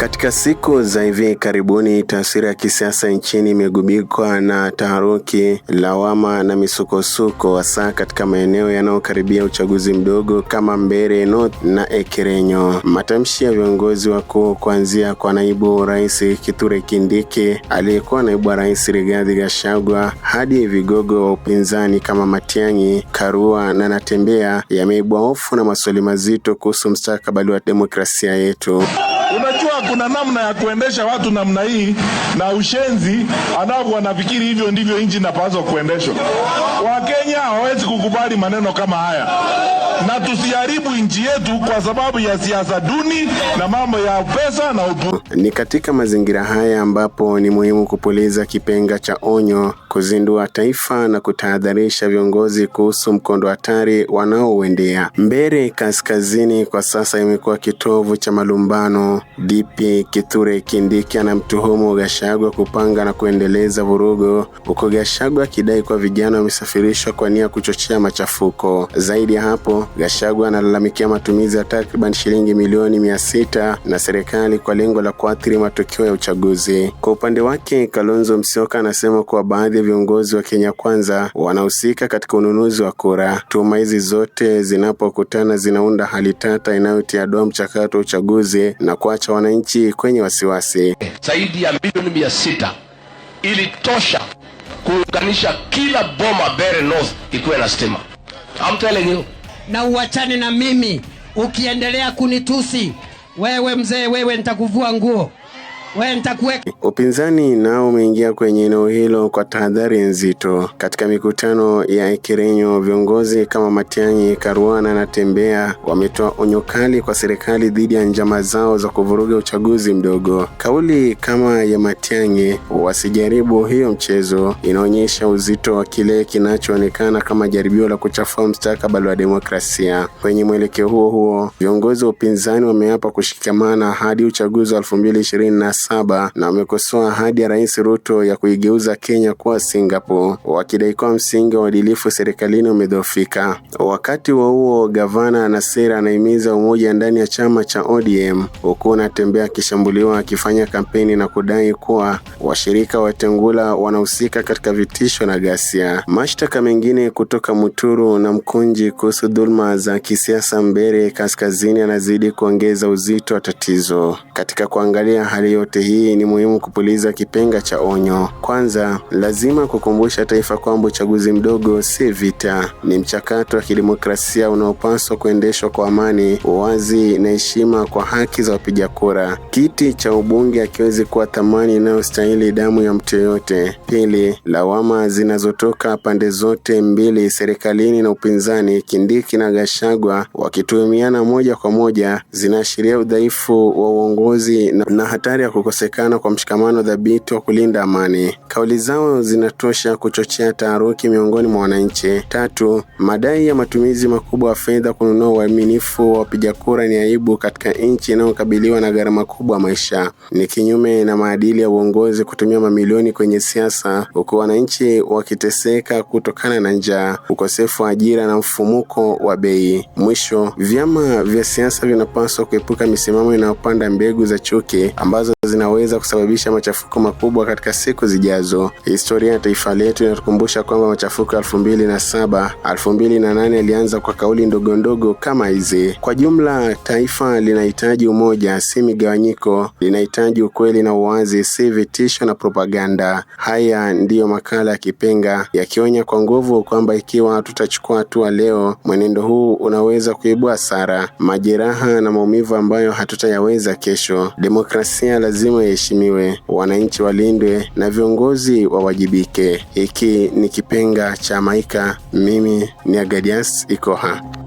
Katika siku za hivi karibuni, taswira ya kisiasa nchini imegubikwa na taharuki, lawama na misukosuko, hasa katika maeneo yanayokaribia uchaguzi mdogo kama Mbeere North na Ekerenyo. Matamshi ya viongozi wakuu kuanzia kwa naibu rais Kithure Kindiki, aliyekuwa naibu wa rais Rigathi Gachagua, hadi vigogo wa upinzani kama Matiang'i, Karua na Natembeya yameibua hofu na maswali mazito kuhusu mstakabali wa demokrasia yetu kuna namna ya kuendesha watu namna hii na ushenzi, alafu wanafikiri hivyo ndivyo nchi inapaswa kuendeshwa, Wakenya hawawezi kukubali maneno kama haya, na tusiharibu nchi yetu kwa sababu ya siasa duni na mambo ya pesa na upu. Ni katika mazingira haya ambapo ni muhimu kupuliza kipenga cha onyo, kuzindua taifa na kutahadharisha viongozi kuhusu mkondo hatari wanaouendea. Mbeere Kaskazini kwa sasa imekuwa kitovu cha malumbano Bi Kithure Kindiki anamtuhumu Gachagua kupanga na kuendeleza vurugu, huku Gachagua akidai kuwa vijana wamesafirishwa kwa nia ya kuchochea machafuko. Zaidi ya hapo, Gachagua analalamikia matumizi ya takriban shilingi milioni mia sita na serikali kwa lengo la kuathiri matokeo ya uchaguzi. Kwa upande wake, Kalonzo Musyoka anasema kuwa baadhi ya viongozi wa Kenya Kwanza wanahusika katika ununuzi wa kura. Tuhuma hizi zote zinapokutana zinaunda hali tata inayotia doa mchakato wa uchaguzi na kuacha wananchi nchi kwenye wasiwasi. Zaidi ya milioni mia sita ilitosha kuunganisha kila boma Bere North ikuwe na stima. Na uachane na mimi, ukiendelea kunitusi wewe mzee, wewe nitakuvua nguo. Upinzani nao umeingia kwenye eneo hilo kwa tahadhari nzito. Katika mikutano ya ekerenyo viongozi kama Matiang'i, karuana na Tembea wametoa onyo kali kwa serikali dhidi ya njama zao za kuvuruga uchaguzi mdogo. Kauli kama ya Matiang'i, wasijaribu hiyo mchezo, inaonyesha uzito wa kile kinachoonekana kama jaribio la kuchafua mstakabali wa demokrasia. Kwenye mwelekeo huo huo, viongozi wa upinzani wameapa kushikamana hadi uchaguzi wa 22 saba na wamekosoa ahadi ya Rais Ruto ya kuigeuza Kenya kuwa Singapore, wakidai kuwa msingi wa uadilifu serikalini umedhoofika. Wakati wa huo, gavana sera anahimiza umoja ndani ya chama cha ODM, huku anatembea akishambuliwa akifanya kampeni na kudai kuwa washirika wa Tengula wanahusika katika vitisho na ghasia. Mashtaka mengine kutoka Muturu na Mkunji kuhusu dhuluma za kisiasa mbere Kaskazini anazidi kuongeza uzito wa tatizo. Katika kuangalia hali yote yote hii ni muhimu kupuliza kipenga cha onyo. Kwanza, lazima kukumbusha taifa kwamba uchaguzi mdogo si vita, ni mchakato wa kidemokrasia unaopaswa kuendeshwa kwa amani, uwazi na heshima kwa haki za wapiga kura. Kiti cha ubunge hakiwezi kuwa thamani inayostahili damu ya mtu yoyote. Pili, lawama zinazotoka pande zote mbili, serikalini na upinzani, Kindiki na Gashagwa wakituhumiana moja kwa moja, zinaashiria udhaifu wa uongozi na hatari ya kukosekana kwa mshikamano dhabiti wa kulinda amani. Kauli zao zinatosha kuchochea taharuki miongoni mwa wananchi. Tatu, madai ya matumizi makubwa ya fedha kununua uaminifu wa wapiga kura ni aibu katika nchi inayokabiliwa na gharama kubwa maisha. Ni kinyume na maadili ya uongozi kutumia mamilioni kwenye siasa, huku wananchi wakiteseka kutokana na njaa, ukosefu wa ajira na mfumuko wa bei. Mwisho, vyama vya siasa vinapaswa kuepuka misimamo inayopanda mbegu za chuki ambazo zinaweza kusababisha machafuko makubwa katika siku zijazo. Historia ya taifa letu inatukumbusha kwamba machafuko ya 2007, 2008 yalianza kwa kauli ndogo ndogo kama hizi. Kwa jumla, taifa linahitaji umoja, si migawanyiko. Linahitaji ukweli na uwazi, si vitisho na propaganda. Haya ndiyo makala ya Kipenga yakionya kwa nguvu kwamba ikiwa tutachukua hatua leo, mwenendo huu unaweza kuibua hasara, majeraha na maumivu ambayo hatutayaweza kesho. Demokrasia lazima lazima iheshimiwe, wananchi walindwe na viongozi wawajibike. Hiki ni kipenga cha Maika. Mimi ni Agadias Ikoha.